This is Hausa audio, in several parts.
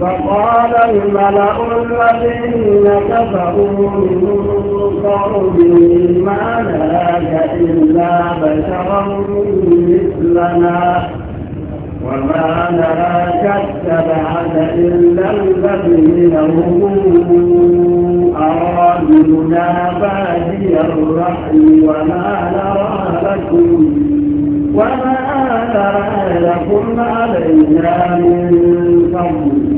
فقال الملأ الذين كفروا من قومه ما لك إلا بشرا مثلنا وما لك اتبعك إلا الذين هم أرادنا بادي الرحم وما نرى لكم وما نرى لكم علينا من فضل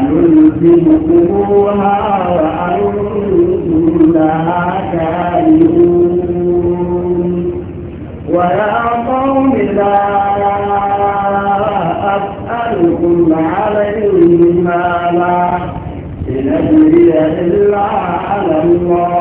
نلزمكموها وأنتم لها كارهون ويا قوم لا أسألكم عليه مالا إن أجري إلا على الله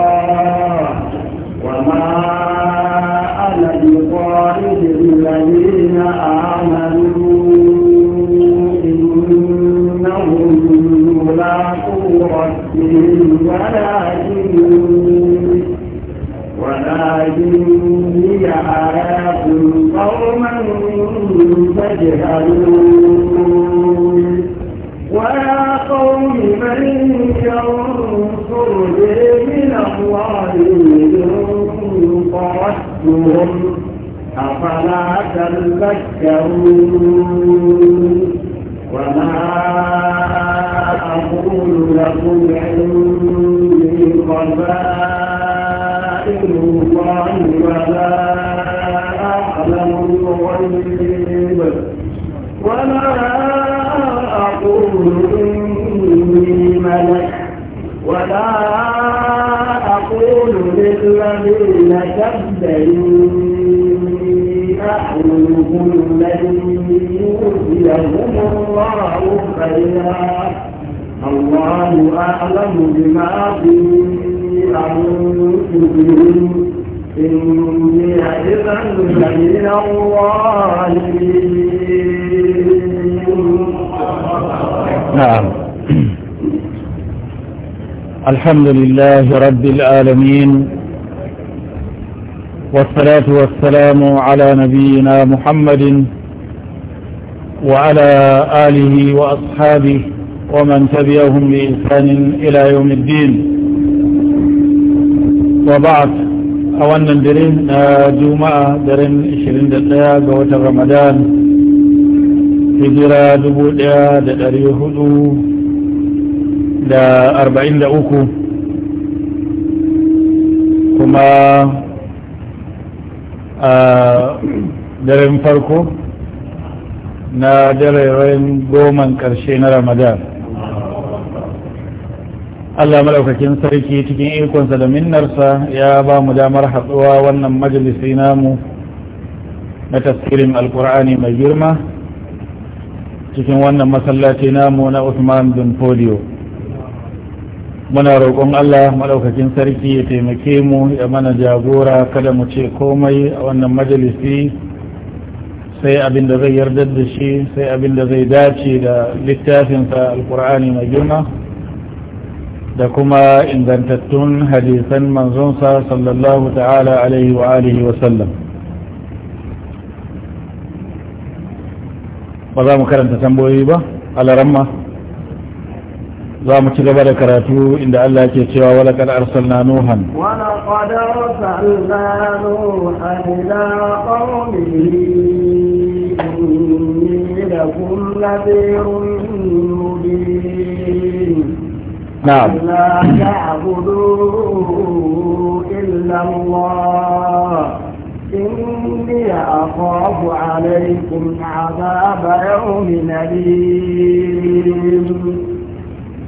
ولا جني ولا جني أراكم قوما تجهلون ويا قوم من ينصرني من الله إن طردتهم أفلا تذكرون وما أقول لكم عندي خزائن الله ولا أعلم الغيب ولا أقول إني ملك ولا أقول للذين كذبوا أحلمهم الذي يؤتيهم الله خيرا الله أعلم بما في أنفسهم إني إذا لمن الظالمين نعم الحمد لله رب العالمين والصلاة والسلام على نبينا محمد وعلى آله وأصحابه ومن تبعهم بإنسان إلى يوم الدين وبعد أولا درين جمعة درين 21 قوة رمضان هجرة دبودة دريه هدو دا أربعين دا أوكو كما درين فرقو na dare rain goman karshe na ramadan Allah malaukakin sarki cikin ikonsa da minnarsa ya ba mu damar haɗuwa wannan majalisi namu na tafsirin alkur'ani mai girma cikin wannan masallaci namu na Usman bin Folio muna roƙon Allah malaukakin sarki ya taimake mu ya mana jagora kada mu ce komai a wannan majalisi sai abin da zai yarda da shi sai abin da zai dace da littafinsa alkur'ani mai girma da kuma ingantattun hadisan manzonsa sallallahu ta'ala alaihi wa alihi wa sallam ba za mu karanta tambayoyi ba alaramma za mu ci gaba da karatu inda Allah ke cewa wala kad arsalna nuhan wala qad arsalna nuhan ila qaumihi inni lakum nadhirun mubin نعم لا تعبدوا إلا الله إني أخاف عليكم عذاب يوم أليم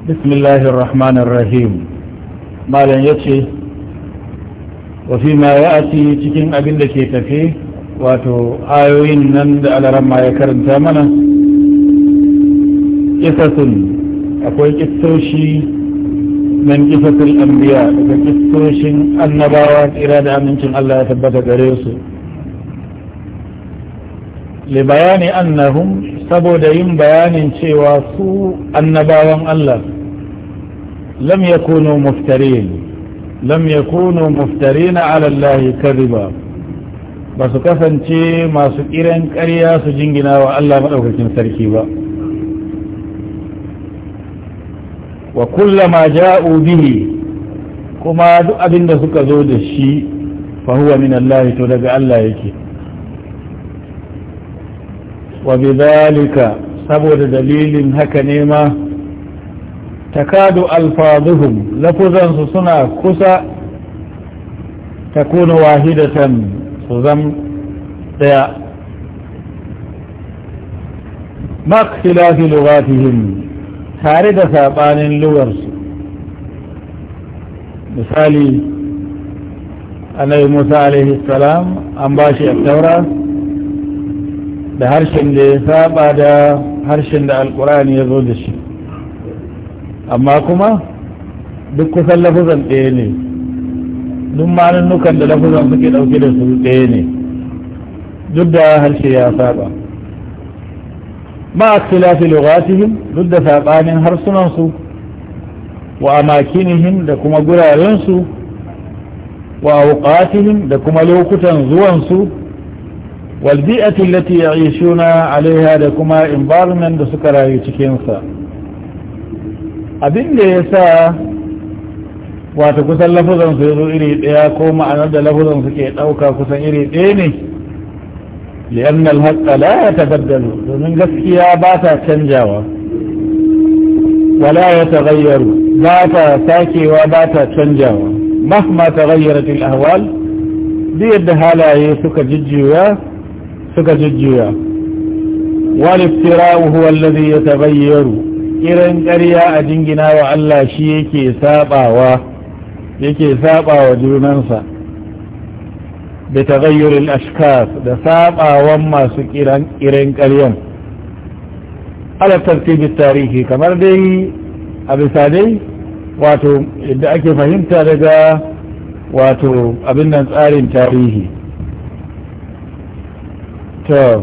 بسم الله الرحمن الرحيم ما لن يتشي وفيما يأتي تكين أبن لكي فيه واتو آيوين نند على رمى يكرن ثامنا قصص أقول قصوشي من قصة الأنبياء قصوش النبوات إرادة أمنتم الله يثبت قريص لبيان أنهم سبودين بيان شواسو النبوة الله لم يكونوا مفترين لم يكونوا مفترين على الله كذبا بس كفن شي ما سكيرا كريا سجنجنا وألا مأوكتين سركيبا wa kullama ja'u bihi kuma duk abinda suka zo da shi fa huwa min Allah to daga Allah yake wa bidhalika saboda dalilin haka ne ma takadu alfazuhum lafuzan su suna kusa takunu wahidatan su zam daya ma ikhtilafi lughatihim tare da saɓanin luwarsu misali annabi musa alaihi salam an ba shi taura da harshen da ya saba da harshen da alkurani ya zo da shi amma kuma duk kusan lafuzan ɗaya ne duk malin nukan da lafuzan suke ɗauke da su ɗaya ne duk da harshe ya saba ma ikhtilafi lughatihim duk da sabanin harsunansu su wa amakinihim da kuma gurarensu, wa wa awqatihim da kuma lokutan zuwansu su wal bi'ati allati ya'ishuna 'alayha da kuma environment da suka rayu cikin sa abin da yasa wato kusan lafazan ya zo iri ɗaya ko ma'anar da lafazan suke ɗauka kusan iri ɗaya ne لأن الحق لا يتبدل من قسكيا باتا تنجاوا ولا يتغير باتا ساكي وباتا تنجاوا مهما تغيرت الأهوال بيد هالاي سك ججيا سك ججيا والافتراء هو الذي يتغير إرن قرياء جنجنا وعلا شيكي Allah shi yake saɓawa yake da tagayyurin ashkas da sabawan masu kiran karyan ala tartibin tarihi kamar dai a bisa dai wato yadda ake fahimta daga wato abin nan tsarin tarihi to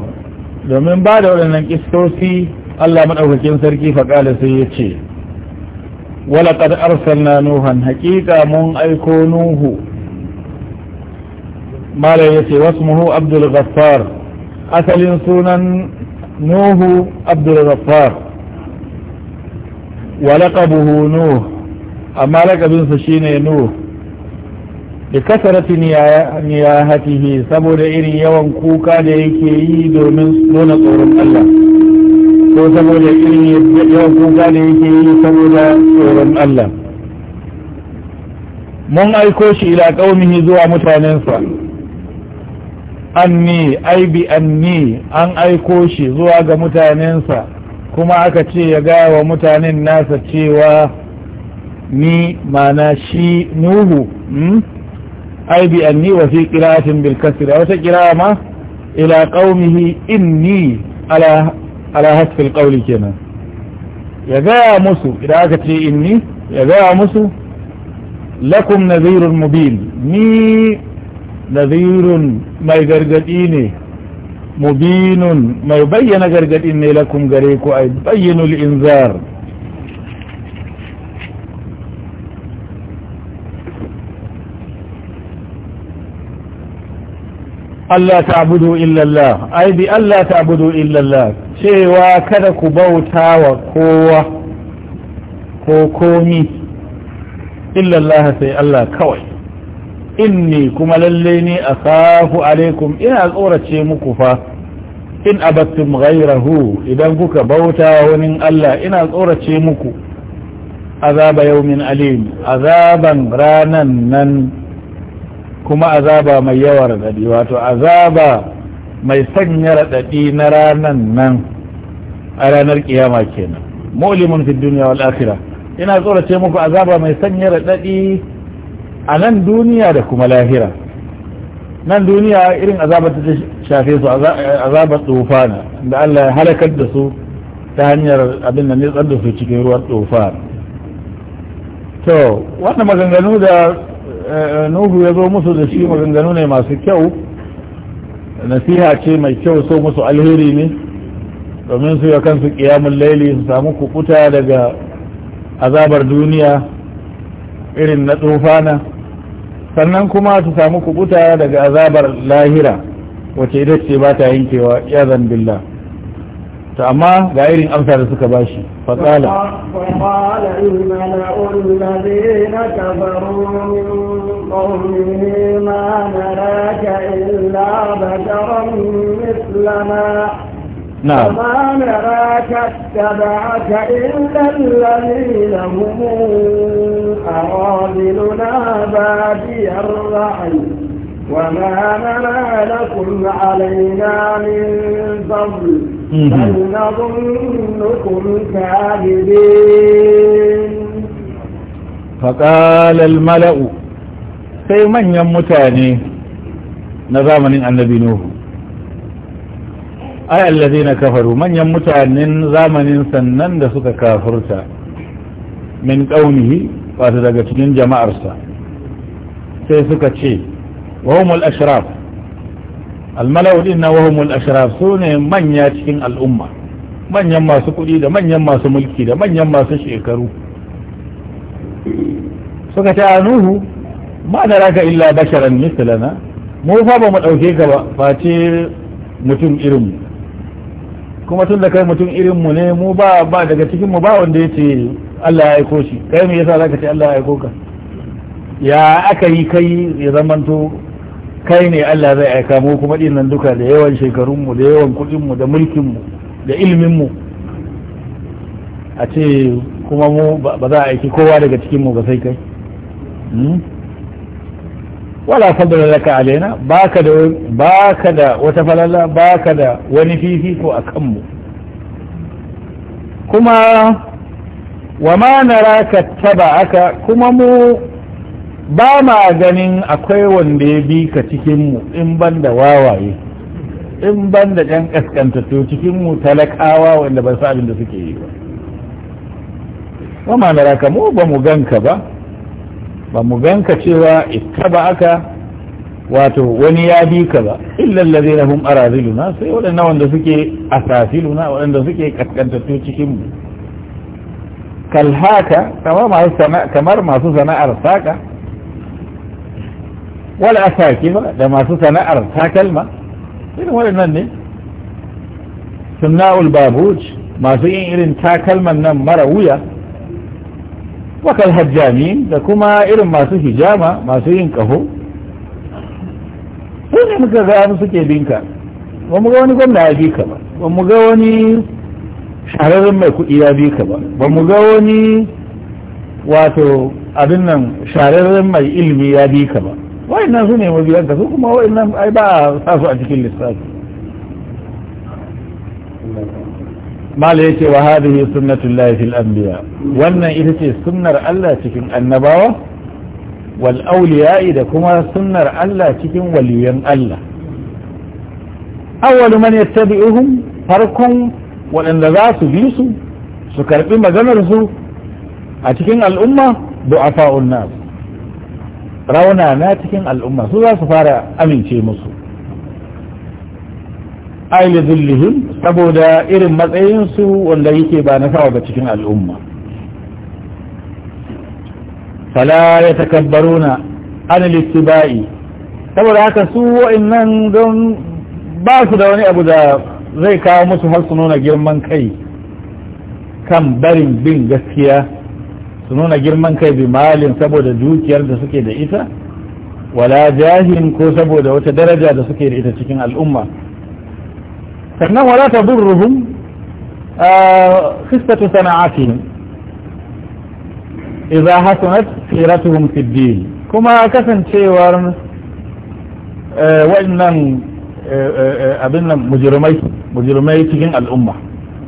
domin ba da waɗannan kistosi Allah maɗaukakin sarki faƙala sai ya ce walaƙar arsalna nuhan haƙiƙa mun aiko nuhu malam yace wasmuhu abdul ghaffar asalin sunan nuhu abdul ghaffar wa laqabuhu nuh amma laqabin sa shine nuh da kasarati niyahatihi saboda irin yawan kuka da yake yi domin nuna tsoron Allah ko saboda irin yawan kuka da yake yi saboda tsoron Allah mun aiko shi ila kaumihi zuwa mutanensa anni aibi anni an aiko shi zuwa ga mutanensa kuma aka ce ya gaya wa mutanen nasa cewa ni mana shi nuhu hmm? aibi anni wa fi qira'atin bil kasr wata qira'a ma ila qaumihi inni ala ala hasfi al qawli kenan ya gaya musu idan aka ce inni ya gaya musu lakum nadhirun mubin ni Nazirun mai gargadi ne mubinun mai bayyana gargadin ne lakum gare ku ay bayyinul inzar Allah ta abudu Allah ai bi Allah ta'budu illa Allah cewa kada ku bauta wa kowa ko komi illallah sai Allah kawai inni kuma lalle ni safu alaikum ina tsorace muku fa in abattum ghayrahu idan kuka bauta wani Allah ina tsorace muku azaba yawmin alim azaban ranan nan kuma azaba mai yawa radadi wato azaba mai sanya radadi na ranan nan a ranar kiyama kenan mu'limun fid dunya wal akhirah ina tsorace muku azaba mai sanya radadi a nan duniya da kuma lahira nan duniya irin azabar ta shafe su azabar na da Allah ya halakar da su ta hanyar abin da nitsar da su cikin ruwan tsofa to wannan maganganu da eh, nuhu ya zo musu da shi maganganu ne masu kyau nasiha ce mai kyau so musu alheri ne domin su ya kansu kiyamun laili su samu kukuta daga azabar duniya irin na tsofana sannan kuma su samu kubuta daga azabar lahira wace ita ce ba ta yankewa ya zambilla ta amma ga irin amsa da suka bashi fatsala fatsala ilmala'ul ladina kafaru min qawmihi ma naraka illa basharan mislana نعم وما نراك اتبعك إلا الذين هم أراذلنا بادي الرعي وما نرى لكم علينا من فضل بل نظنكم كاذبين فقال الملأ سيمن يموتاني mutane na zamanin ay na kafaru manyan mutanen zamanin sannan da suka kafurta min qaumihi wato daga cikin jama'arsa sai suka ce wahumul ashraf almalau na wahumul ashraf sune manya cikin al'umma manyan masu kuɗi da manyan masu mulki da manyan masu shekaru suka ce a nuhu ma da raka illa basharan mislana mu fa ba mu ɗauke ka ba face mutum irinmu kuma tun da kai mutum irin mu ne mu ba ba daga cikin mu ba wanda ya ce Allah ya aiko shi kai me yasa zaka ce Allah ya aiko ka ya aka yi kai ya zamanto kai ne Allah zai aika mu kuma din nan duka da yawan shekarun mu da yawan kudin mu da mulkin mu da ilimin mu a ce kuma mu ba za a aiki kowa daga cikin mu ba sai kai hmm? wala fadala laka alaina baka da baka da wata falala baka da wani ko a kanmu kuma wa ma naraka taba'aka kuma mu ba ma ganin akwai wanda ya bi ka cikin mu in banda wawaye in banda kaskanta to cikin mu talakawa wanda ba su abin da suke yi ba wa naraka mu ba mu ganka ba ba mu ganka cewa ittaba aka wato wani ya bi ka ba illal ladina hum araziluna sai waɗanda wanda suke asasiluna waɗanda suke kaskantattu cikin mu kal haka kamar masu sana'ar saka wal asakifa da masu sana'ar takalma irin waɗannan ne sunna'ul babuj masu yin irin takalman nan mara wuya wakal hajjami da kuma irin masu hijama masu yin kaho su ne muka ga mu suke binka ba mu ga wani gwamna ya bi ka ba ba mu ga wani shahararren mai kuɗi ya bi ka ba ba mu ga wani wato abin nan shahararren mai ilimi ya bi ka ba nan su ne mabiyanka su kuma nan ai ba a sasu a cikin lissafi mala ce wa hadhihi sunnatullahi fil anbiya wannan ita ce sunnar Allah cikin annabawa wal awliya'i da kuma sunnar Allah cikin waliyan Allah awwalu man yattabi'uhum farkon waɗanda za su bi su su karɓi maganar su a cikin al'umma du'afa'un nas rauna na cikin al'umma su za su fara amince musu aili zullihim saboda irin matsayinsu wanda yake ba na sawa ga cikin al'umma fala ya takabbaruna an littiba'i saboda haka su wa'annan don ba su da wani abu da zai kawo musu har su nuna girman kai kan barin bin gaskiya su nuna girman kai bi malin saboda dukiyar da suke da ita wala jahin ko saboda wata daraja da suke da ita cikin al'umma فإنه لا تضرهم خصة سماعاتهم إذا حسنت سيرتهم في الدين كما كسن cewar waɗannan abin nan mujirmai mujirmai cikin al'umma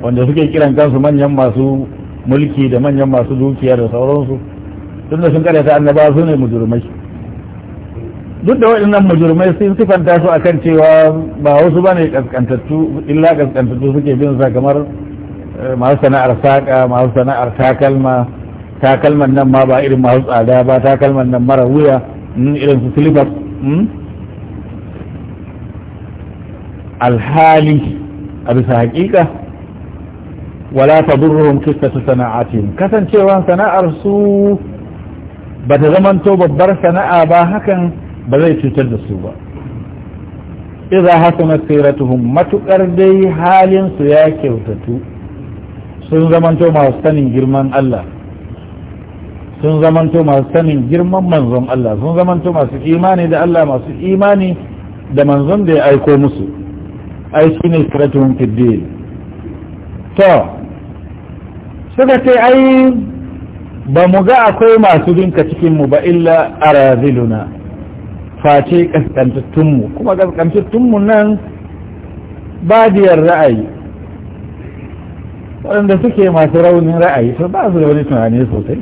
wanda suke kiran kansu manyan masu mulki da manyan masu dukiya da sauransu tun da sun karyata annaba su ne mujirmai duk da waɗannan mujurmai sun sifanta su a kan cewa ba wasu ne ƙasƙantattu illa ƙasƙantattu suke bin sa kamar eh, masu sana'ar saƙa masu sana'ar takalma takalman nan ma ba irin masu tsada ba takalman nan mara wuya hmm, irin su silifas hmm. alhali a bisa haƙiƙa wala ta durruhun sana'a ce. kasancewa sana'ar su ba ta zamanto babbar sana'a ba hakan ba zai cutar da su ba iza hasana siratuhum matukar dai halin su ya kyautatu sun zamanto masu sanin girman Allah sun zamanto masu sanin girman manzon Allah sun zamanto masu imani da Allah masu imani da manzon da ya aiko musu ai shi ne siratuhum fiddin to suka ce ai ba mu ga akwai masu binka cikin mu ba illa araziluna face kaskantattunmu kuma kaskantattunmu nan badiyar ra'ayi waɗanda suke masu raunin ra'ayi sun ba su da wani tunani sosai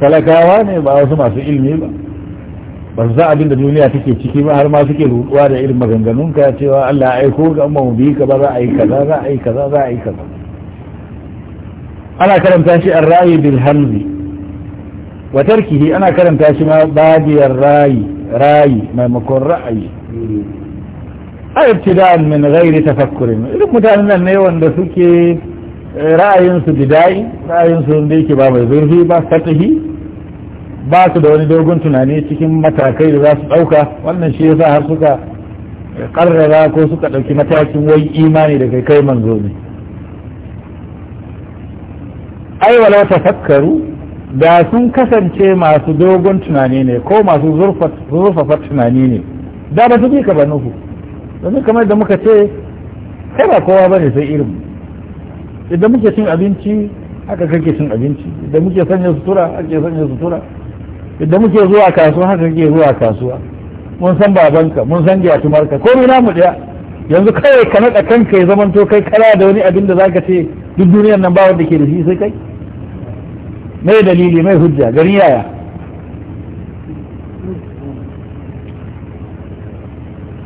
talakawa ne ba wasu masu ilmi ba ba su san abin da duniya take ciki ba har ma suke rutuwa da irin maganganunka cewa Allah ya aiko ga amma mu bi ka ba za a yi kaza za a yi kaza za a yi kaza ana karanta shi ar-ra'yi bil hamzi wa tarkihi ana karanta shi ma badiyar ra'yi rayi maimakon ra'ayi a ibtida'an min ghairi tafakkurin irin mutanen nan ne wanda suke ra'ayinsu bidai ra'ayinsu da yake ba mai zurfi ba fatahi ba su da wani dogon tunani cikin matakai da za su ɗauka wannan shi yasa har suka karrara ko suka ɗauki matakin wai imani da kai kai manzo ne ai walau tafakkaru da sun kasance masu dogon tunani ne ko masu zurfafa tunani ne da ba su bi ka ba nufu domin kamar da muka ce kai ba kowa ba ne sai irin idan muke cin abinci haka kake cin abinci idan muke sanya sutura ake sanya sutura idan muke zuwa kasuwa haka kake zuwa kasuwa mun san babanka mun san gyatumarka ko mina mu daya yanzu kawai ka naɗa kanka ya zamanto kai kana da wani abin da zaka ce duk duniyar nan ba wanda ke da shi sai kai mai dalili mai hujja gari yaya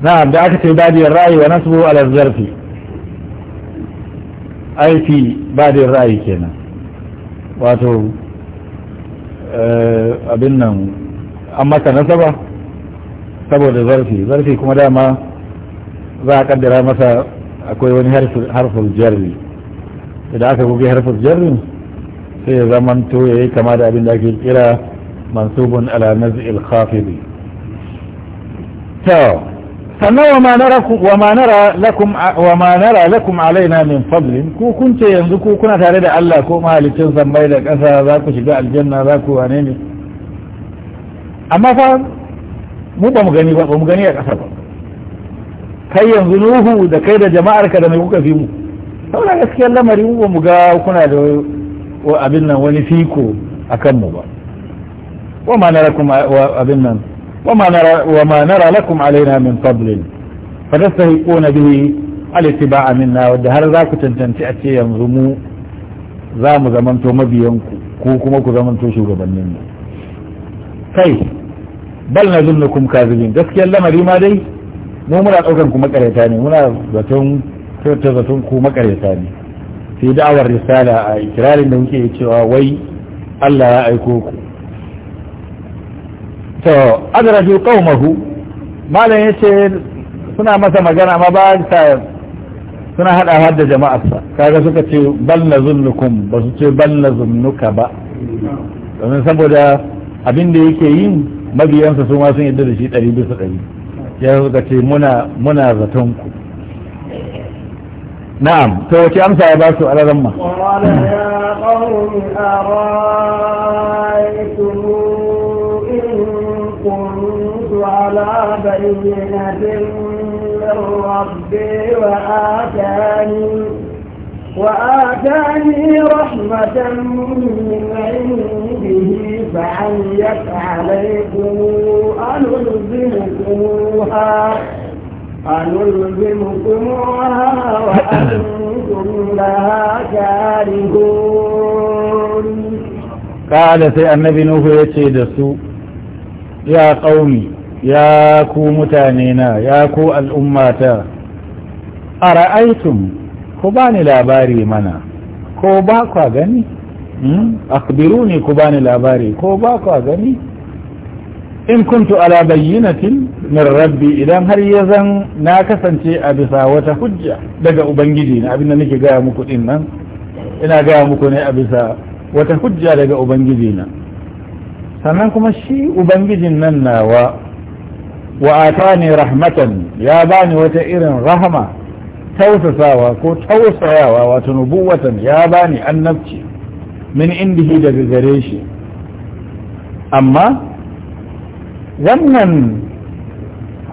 na'am da aka ce badiyar ra'ayi wa nasbu ala zarfi aiki badiyar ra'ayi kenan wato eh, abin nan an maka nasaba saboda zarfi zarfi kuma dama za a kaddara masa akwai wani harfin jarri idan aka goge harfin jarri sai ya to ya yi kama da abin da ake kira mansubun ala nazil khafidi to sannan wa manara lakum wa manara lakum alaina min fadlin ku kun ce yanzu ku kuna tare da Allah ko mahalicin sammai da ƙasa za ku shiga aljanna za ku wane ne amma fa mu ba mu gani ba ba mu gani a ƙasa ba kai yanzu nuhu da kai da jama'arka da mai kuka fi mu saboda gaskiyar lamari mu ba mu ga kuna da abin nan wani fiko a kanmu ba wa ma nara kuma abin nan wa ma nara lakum alaina min fadlin fa tastahiquna bihi al-ittiba'a minna wadda har za ku tantance a ce yanzu mu za mu zamanto mabiyan ku ko kuma ku zamanto shugabannin mu kai bal na zunnukum kazibin gaskiyar lamari ma dai mu muna daukan ku makareta ne muna zaton zaton ku makareta ne fi da'awar risala a ikirarin da muke cewa wai Allah ya aiko ku to adraju qaumahu malam yace suna masa magana ma ba ta suna hada da jama'arsa kaga suka ce bal nazunnukum ba su ce bal nazunnuka ba domin saboda abin da yake yin mabiyansa su ma sun yadda da shi ɗari bisa ya suka ce muna muna zaton ku نعم توكي أمسى يا باسو على ذمة قال يا قوم أرأيتم إن كنت على بينة من ربي وآتاني وآتاني رحمة من عنده فعليت عليكم الزمكموها أنلزمكموها وأنتم لها كارهون قال سي النبي نوح يتشي السوء يا قومي يا كو متانينا يا كو الأماتا أرأيتم كباني لاباري منا كوباكوا غني أخبروني كباني لاباري كوباكوا غني in kuntu ala bayyinatin min rabbi idan har ya zan na kasance a bisa wata hujja daga ubangiji na abin da nake gaya muku din nan ina gaya muku ne a bisa wata hujja daga ubangiji na sannan kuma shi ubangijin nan nawa wa atani rahmatan ya bani wata irin rahama tausasawa ko tausayawa wato nubuwatan ya bani annabci min indihi daga gare shi amma wannan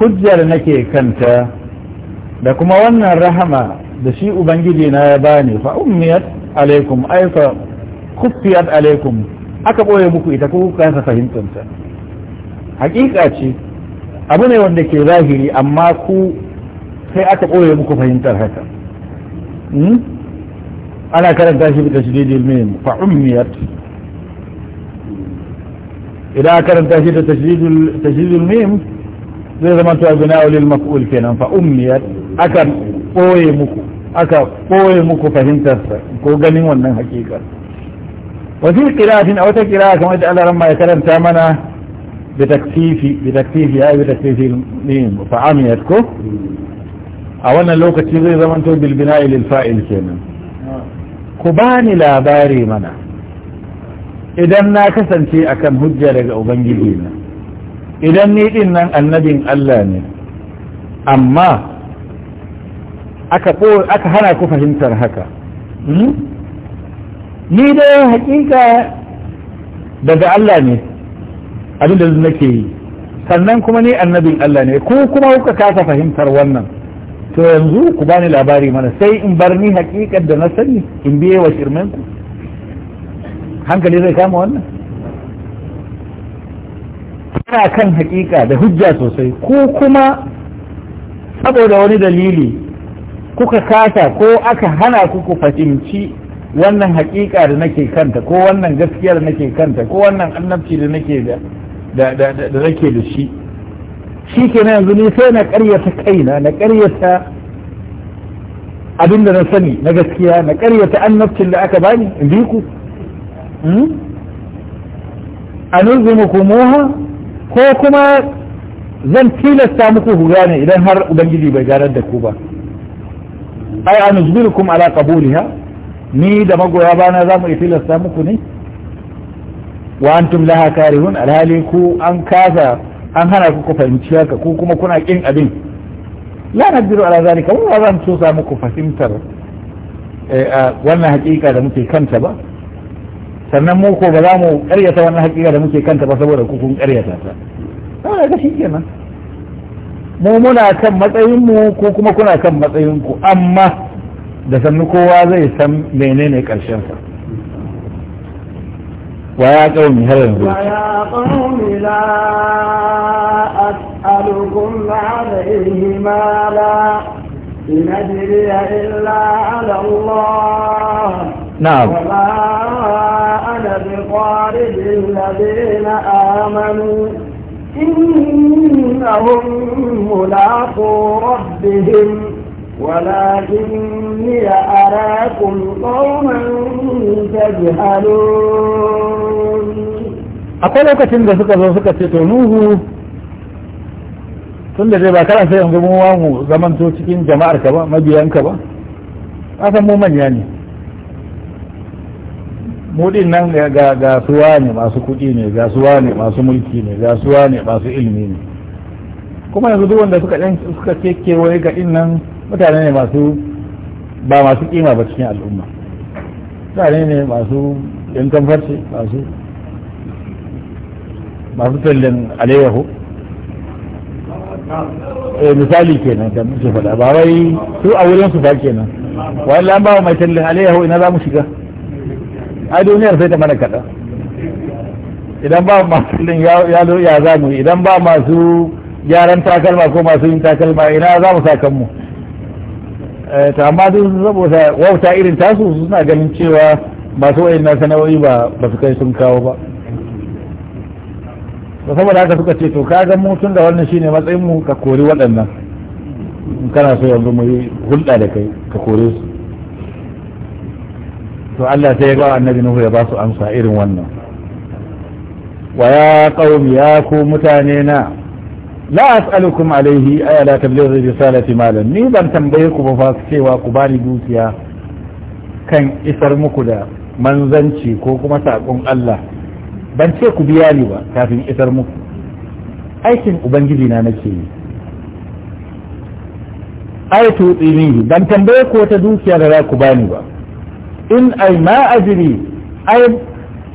hujjar nake kanta da kuma wannan rahama da shi ubangiji na ya bani fa ummiyat alaikum ay fa kuffiyat alaikum aka boye muku ita ko kuka fahimtar fahimtanta hakika ce abu ne wanda ke zahiri amma ku sai aka boye muku fahimtar haka hmm? ana karanta shi da tashdidil mim fa ummiyat إذا كانت تجديد تجديد الميم زي ما تو بناء للمفعول كان فأميت أكن قوي مكو أكا قوي مكو فهمت كو غني wannan حقيقه وفي قراءة أو تقراءة كما تعالى لما يكلم تامنا بتكتيفي بتكتيفي أي بتكتيفي الميم فأميتكو أولا لو كتير زمان تو بالبناء للفائل كان آه. كباني لا باري منه idan na kasance a kan hujja daga ubangiji na idan ni din nan annabin Allah ne amma aka hana ku fahimtar haka hmm? ni da hakika daga Allah ne abin da nake yi sannan kuma ni annabin Allah ne ku kuma kuka kasa fahimtar wannan to yanzu ku bani labari mana sai in bar ni hakikar da na sani in biye wa shirmen hankali zai kama wannan ana kan hakika da hujja sosai ko kuma saboda wani dalili kuka kasa ko aka hana ku ku fahimci wannan hakika da nake kanta ko wannan gaskiya da nake kanta ko wannan annabci da nake da da nake da shi shi ke na yanzu ne sai na karyata kaina na karyata abinda na sani na gaskiya na karyata annabcin da aka bani in bi ku muku hmm? anulzimukumuha ko kuma zan tilasta muku ku gane idan har ubangiji bai ganar da ku ba ai kuma ala qabuliha ni da magoya bana zamu tilasta muku ne wa antum laha karihun alhali ku an kasa an hana ku ku fahimci haka ku kuma kuna kin abin la nadiru ala zalika wa zan so samu muku fahimtar eh, wannan hakika da muke kanta ba sannan mu ko ba za mu karyata wannan hakika da muke kanta ba saboda ku kun karyata ta ah, ga kenan mu muna kan matsayin mu ko kuma kuna kan matsayin ku amma da sannu kowa zai san menene karshen sa yanzu wa ya ويا la as'alukum 'alayhi ma la illa 'ala Allah نعم وما أنا بطارد الذين آمنوا إنهم ملاقو ربهم ولكني أراكم قوما تجهلون akwai lokacin da suka zo suka ce to nuhu tun da zai ba kana sai yanzu mu mu to cikin jama'ar ka ba mabiyanka ba san mu manya ne mudin nan ga gasuwa ne masu kuɗi ne gasuwa ne masu mulki ne gasuwa ne masu ilimi ne kuma yanzu duk wanda suka ɗan suka kekewaye ga din nan mutane ne masu ba masu kima ba cikin al'umma mutane ne masu yan kamfarci masu masu tallan alayyahu eh, misali kenan da muke faɗa ba wai su a wurin su ba kenan wani an ba mai tallan alayyahu ina za mu shiga A duniyar sai ta mana kaɗan idan ba masu filin ya za idan ba masu gyaran takalma ko masu yin takalma ina za mu sa kanmu eh, ta amma duk saboda wauta irin tasu suna ganin cewa masu wayan na sana'o'i ba ba su kai sun kawo ba to saboda haka suka ce to kaga mu tun da wannan shine matsayin mu ka kori waɗannan kana so yanzu mu yi hulɗa da kai ka kore su to Allah sai ya ga annabi Nuhu ya ba su amsa irin wannan wa ya qaumi ya ku mutane na la as'alukum alaihi ay la tablighu risalati malan ni ban tambaye ku ba fa cewa ku bani dukiya kan isar muku da manzanci ko kuma sakon Allah ban ce ku biya ni ba kafin isar muku aikin ubangiji na nake yi ai tutsi ban tambaye ku wata dukiya da za ku bani ba in ai ma ajiri ai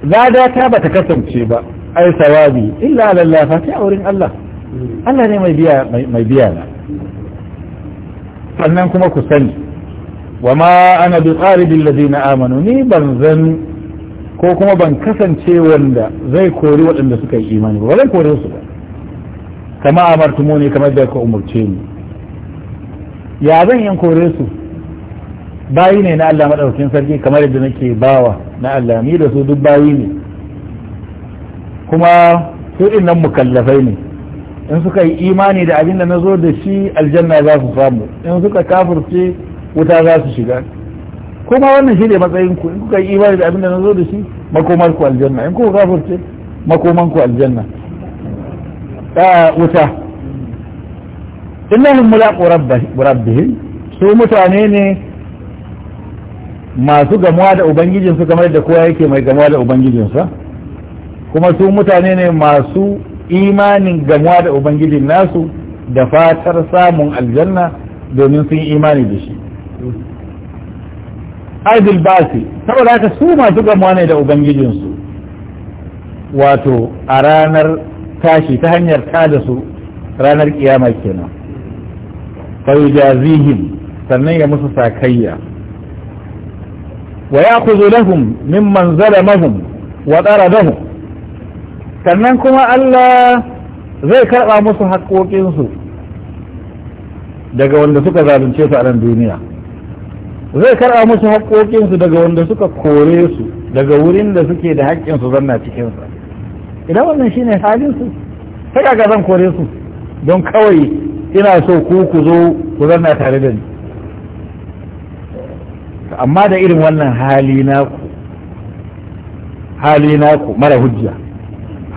lada ta bata kasance ba ai sawabi illa lalla fa sai wurin Allah Allah ne mai biya mai biya na sannan kuma ku sani wa ma ana bi qaribil ladina amanu ni ban zan ko kuma ban kasance wanda zai kori waɗanda suka yi imani ba zai kore su ba kama amartumu ne kamar da ka umurce ni ya zan yin kore su bayi ne na Allah madaukakin sarki kamar yadda nake bawa na Allah ni da su duk bayi ne kuma su din nan mukallafai ne in suka yi imani da abin da na zo da shi aljanna za su samu in suka kafirce wuta za su shiga kuma wannan shi ne matsayin ku in kuka yi imani da abin da na zo da shi makomar ku aljanna in kuka kafirce makoman ku aljanna wuta innahum mulaqu rabbihim su mutane ne masu gamuwa da ubangijinsu kamar da kowa yake mai gamuwa da ubangijinsa kuma su mutane ne masu imanin gamuwa da ubangijin nasu da fatar samun aljanna domin sun yi imani da shi aizil basi saboda haka su masu gamuwa ne da ubangijinsu wato a ranar tashi ta hanyar kada su ranar kiyama kenan fa yujazihim sannan ya musu sakayya ويأخذ لهم ممن ظلمهم وطردهم sannan kuma Allah zai karɓa musu haƙoƙinsu daga wanda suka zalunce su a nan duniya zai karɓa musu haƙoƙinsu daga wanda suka kore su daga wurin da suke da haƙƙinsu zanna cikinsa idan wannan shine halinsu sai ga zan kore su don kawai ina so ku ku zo ku zanna tare da ni amma da irin wannan hali naku hali naku mara hujja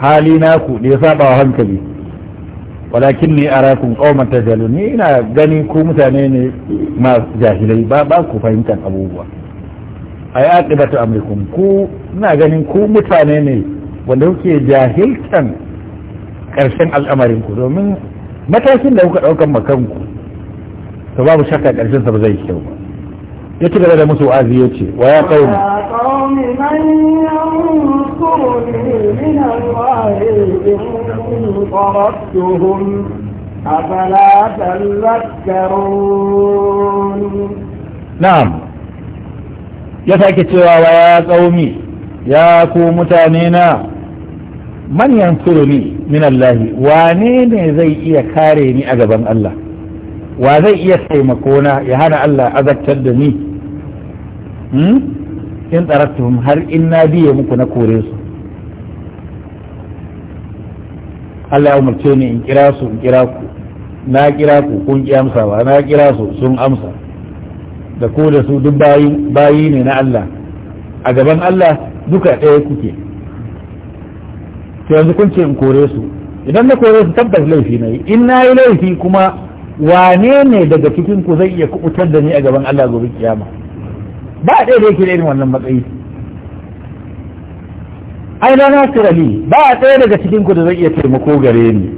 hali naku da ya saba wa hankali walakin ni arakum qauman ni ina gani ku mutane ne ma jahilai ba ba ku fahimtar abubuwa ay aqibatu amrikum ku ina ganin ku mutane ne wanda kuke jahiltan karshen al'amarin ku domin matakin da kuka daukan makanku to babu shakka karshen sa ba zai kyau ba ya ci gaba da musu wa'azi ya ce wa ya qaumi na'am ya sake cewa wa ya qaumi ya ku mutane na manyan yansuruni min Allah wane ne zai iya kare ni a gaban Allah wa zai iya taimako na ya hana Allah azabtar da ni Hmm? in tsarattun har in na biye muku na kore su Allah ya umarce ni in kira su in kira ku na kira ku kun ki amsa ba na kira su sun amsa da ko da su duk bayi bayi ne na Allah a gaban Allah duka ɗaya kuke to yanzu kun ce in kore su idan na kore su tabbas laifi na yi in na yi laifi kuma wane ne daga cikin ku zai iya kubutar da ni a gaban Allah gobe kiyama ba ɗaya da yake da irin wannan matsayi ai na nasirali ba a ɗaya daga cikin ku da zai iya taimako gare ni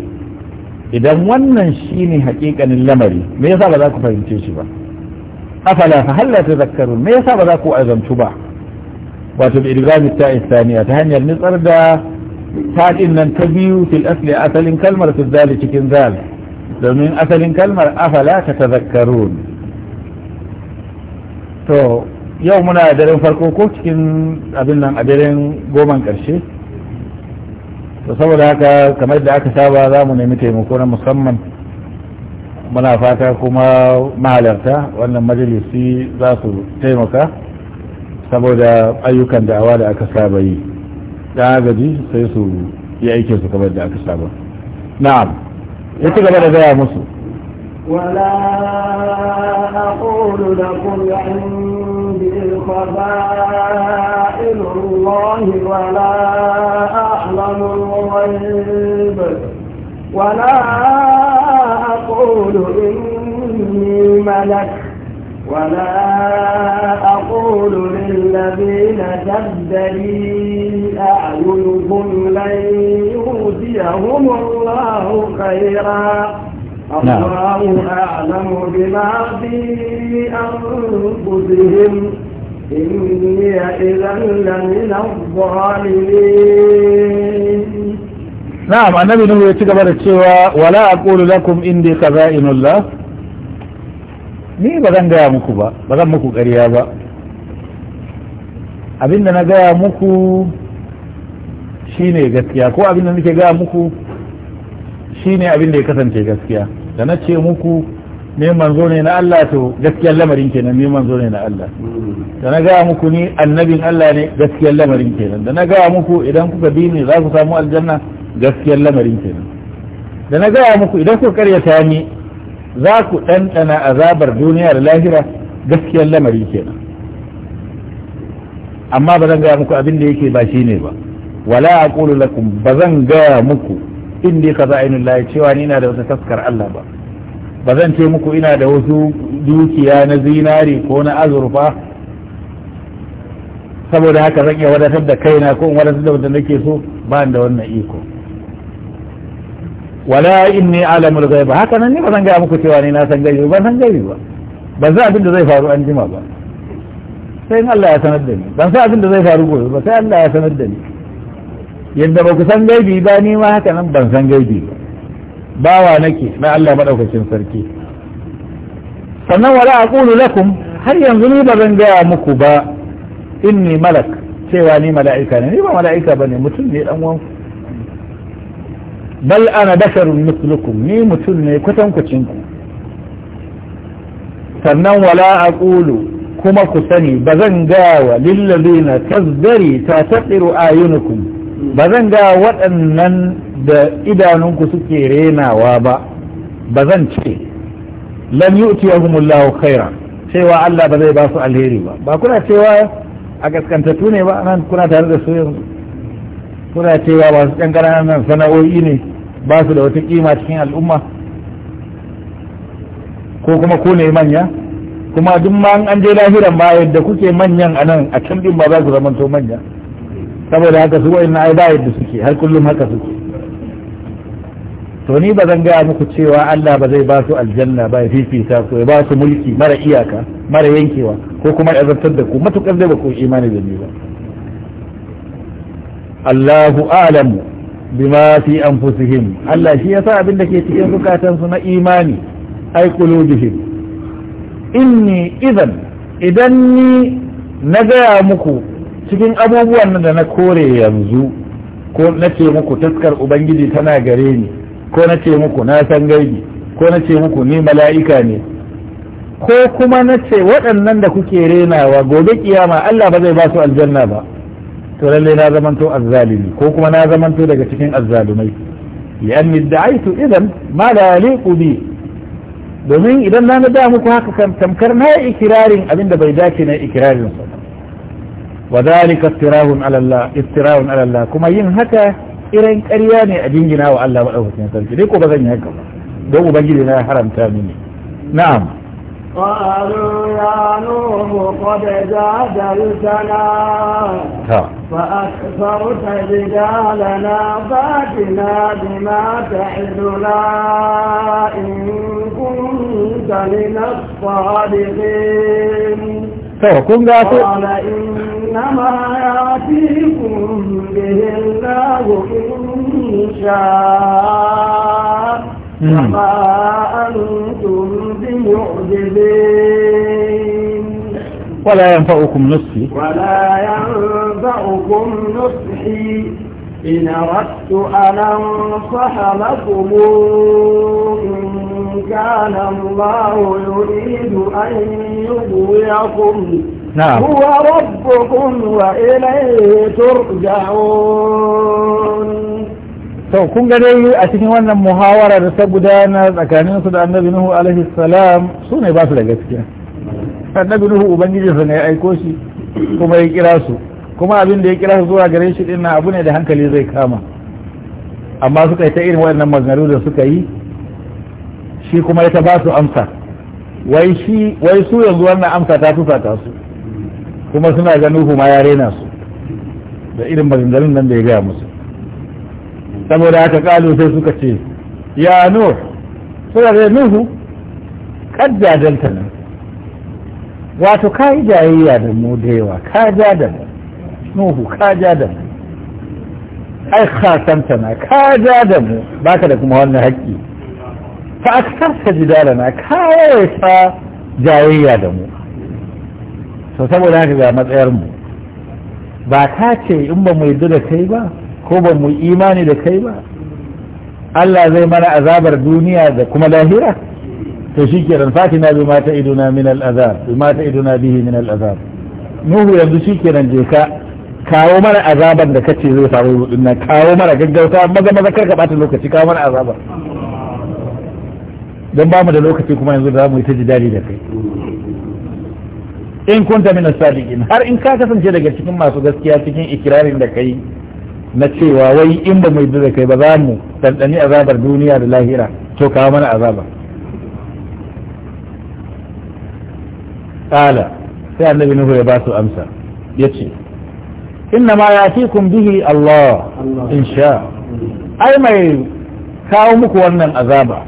idan wannan shi ne haƙiƙanin lamari me yasa ba za ku fahimce shi ba afala fa halla ta tazakkarun me yasa ba za ku azantu ba wato bi idgami ta isaniya ta hanyar nitsar da faɗin nan ta biyu fil asli asalin kalmar su zali cikin zal domin asalin kalmar afala ta tazakkarun to yau muna daren farko ko cikin abin nan a daren goma karshe to saboda haka kamar da aka saba za mu nemi taimako na musamman muna fata kuma mahalarta wannan majalisi za su taimaka saboda ayyukan da'awa da aka saba yi da agaji sai su yi aikin su kamar da aka saba na'am ya ci gaba da gaya musu ولا أقول لكم عندي تبدي خبائل الله ولا أعلم الغيب ولا أقول إني ملك ولا أقول للذين تبدلي أعينهم لن يؤتيهم الله خيرا الله أعلم بما في أنفسهم إني إذا لمن الظالمين na'am annabi nuhu ya ci gaba da cewa wala aqulu lakum indi khaza'inullah ni ba zan gaya muku ba ba zan muku ƙarya ba abinda na gaya muku shine gaskiya ko abinda nake gaya muku shine abinda ya kasance gaskiya da na ce muku ne zo ne na Allah to gaskiyar lamarin kenan ne zo ne na Allah da na gaya muku ni annabin Allah ne gaskiyar lamarin kenan da na gaya muku idan kuka bi ni za ku samu aljanna gaskiyar lamarin kenan da na gaya muku idan kuka karyata ni za ku ɗanɗana azabar duniya da lahira gaskiyar lamarin kenan amma ba zan gaya muku abin da yake ba shine ba wala aqulu lakum ba zan gaya muku inni khaza'inullah cewa ni na da wata taskar Allah ba ba zan ce muku ina da wasu dukiya na zinari ko na azurfa saboda haka zan iya wadatar da kaina ko in wadatar da wanda nake so ba da wannan iko wala inni alamul ghaiba haka nan ne ba zan ga muku cewa ni na san gari ba san gari ba ban san abin da zai faru an jima ba sai in Allah ya sanar da ni ban san abin da zai faru gobe ba sai Allah ya sanar da ni yadda ba ku san gaibi ba ni ma haka nan ban san gaibi bawa nake na Allah madaukakin sarki sannan wala aqulu lakum har yanzu ni ba zan gaya muku ba inni malak cewa ni mala'ika ne ni ba mala'ika bane mutum ne dan uwanku bal ana basharun mislukum ni mutum ne kwatankwacin ku sannan wala aqulu kuma ku sani ba zan gaya gawa lillazina tazdari ta tadiru ayunukum ba zan ga waɗannan da idanunku suke renawa ba ba zan ce lam yu'tiyahumullahu khaira cewa Allah ba zai ba su alheri ba ba kuna cewa a gaskantattu ne ba nan kuna tare da su yanzu kuna cewa ba su kankana nan sana'o'i ne ba su da wata kima cikin al'umma ko kuma ku ne manya kuma duk ma an je lahiran ba yadda kuke manyan a nan a can ɗin ba za ku zamanto manya saboda haka su wa'in ai ba yadda suke har kullum haka suke to ni ba zan gaya muku cewa Allah ba zai ba su aljanna ba ya fifita ko ya ba su mulki mara iyaka mara yankewa ko kuma ya zartar da ku matukar zai ba ku imani da ni ba Allahu a'lamu bima fi anfusihim Allah shi yasa abin da ke cikin zukatan su na imani ai qulubihim inni idan idan ni na gaya muku cikin abubuwan nan da na kore yanzu ko na ce muku taskar ubangiji tana gare ni ko na ce muku na san gaibi ko na ce muku ni mala'ika ne ko kuma na ce waɗannan da kuke renawa gobe kiyama Allah ba zai ba su aljanna ba to lalle na zamanto azzalimi ko kuma na zamanto daga cikin azzalumai li'anni da'aitu idan ma la yaliqu bi domin idan na da muku haka kan tamkar na ikirarin abin da bai dace na ikirarin sa وذلك افتراه على الله افتراه على الله كما yin haka irin ƙarya ne a jingina wa Allah madaukakin sarki dai ko ba zan yi haka قالوا يا نوح قد جادلتنا فأكثرت جدالنا فاتنا بما تعدنا إن كنت من الصادقين. طيب، قال إن إنما يأتيكم به الله إن شاء وما أنتم بمعجزين ولا ينفعكم نصحي ولا ينفعكم نصحي إن أردت أن أنصح لكم إن كان الله يريد أن يضيعكم نعم هو ربكم وإليه ترجعون to kun ga dai a cikin wannan muhawara da ta gudana tsakanin su da annabi nuhu alaihi salam su ne ba su da gaskiya annabi nuhu ubangiji sa ne ya aiko shi kuma ya kira su kuma abin da ya kira su zuwa gare shi dinna abu ne da hankali zai kama amma suka yi ta irin wannan maganganu da suka yi shi kuma ya ta ba su amsa wai shi wai su yanzu wannan amsa ta tusa ta su kuma suna ganin ma ya rena su da irin maganganun nan da ya gaya musu saboda haka kalu sai suka ce ya nu suna da nuhu kad jadalta nan wato ka yi jayayya da mu da yawa ka ja da nuhu ka ja da mu ai khasanta na ka ja da mu baka da kuma wannan haƙƙi fa jidala na ka yawaita jayayya da mu Sau saboda haka ga matsayarmu ba ta ce in ba mu yadda da kai ba ko ba mu imani da kai ba Allah zai mana azabar duniya da kuma lahira to shi kenan fatina bi ma ta iduna min al'azab bi ma ta iduna bihi min al'azab nuhu yanzu shi kenan je ka kawo mana azaban da kace zai faru din nan kawo mana gaggauta maza maza kar ka bata lokaci kawo mana azaban dan ba mu da lokaci kuma yanzu za mu yi ta jidali da kai in kunta min sadiqin har in ka kasance daga cikin masu gaskiya cikin ikirarin da kai na cewa wai in ba mu da kai ba za mu tantani azabar duniya da lahira to kawo mana azaba qala sai annabi nuhu ya ba su amsa yace inna ma yatikum bihi Allah insha. sha ai mai kawo muku wannan azaba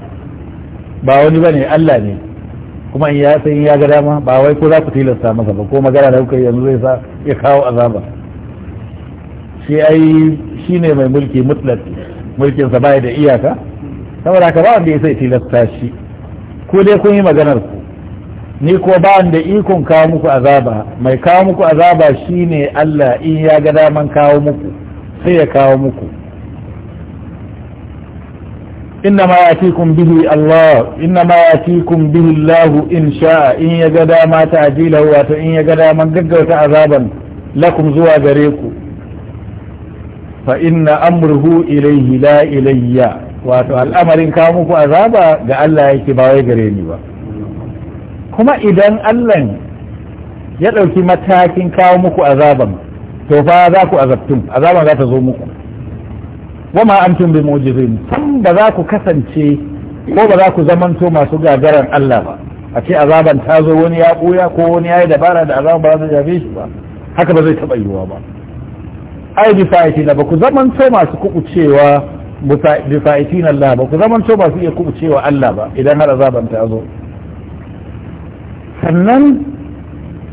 ba wani bane Allah ne kuma in ya san ya ga dama ba wai ko za ku tilasta masa ba ko magana da kuka yanzu zai sa ya kawo azaba shi ai shi ne mai mulki mutlak mulkin sa bai da iyaka saboda haka ba wanda ya sai tilasta shi ko dai kun yi maganar ku ni ko ba wanda ikon kawo muku azaba mai kawo muku azaba shine Allah in ya ga daman kawo muku sai ya kawo muku إنما يأتيكم به الله إنما يأتيكم به الله إن شاء إن يجدا ما تعجيله وإن يجدا من قدرت عذابا لكم زوى غريكم فإن أمره إليه لا إلي wato al'amarin kawo muku azaba ga Allah yake ba wai gare ni ba kuma idan Allah ya ɗauki matakin kawo muku azaban to fa za ku azabtun za ta zo muku wama antum bi mujizin tun ba za ku kasance ko ba za ku zamanto masu gagaran Allah ba a ce azaban ta zo wani ya buya ko wani ya yi dabara da azaban ba za ta shafe shi ba haka ba zai taɓa yiwuwa ba ai bi fa'itina ba ku zamanto masu kukucewa bi fa'itina Allah ba ku zamanto masu iya kukucewa Allah ba idan har azaban ta zo sannan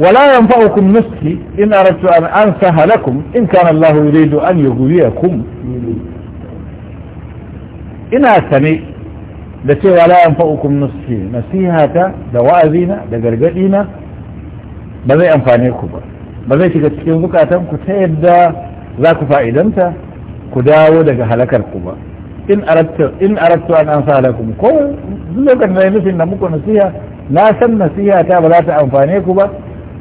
wala yanfa'ukum نفسي in aradtu an أنسها لكم إن كان الله يريد أن يغويكم ina sane da cewa la yanfa'ukum nusi nasihata da wa'azina da gargadina ba zai amfane ku ba ba zai shiga cikin zukatan ku ta yadda za ku fa'idanta ku dawo daga halakar ku ba in arattu in an ansa lakum ko duk lokacin da nufin da muku nasiha na san nasiha ta ba za ta amfane ku ba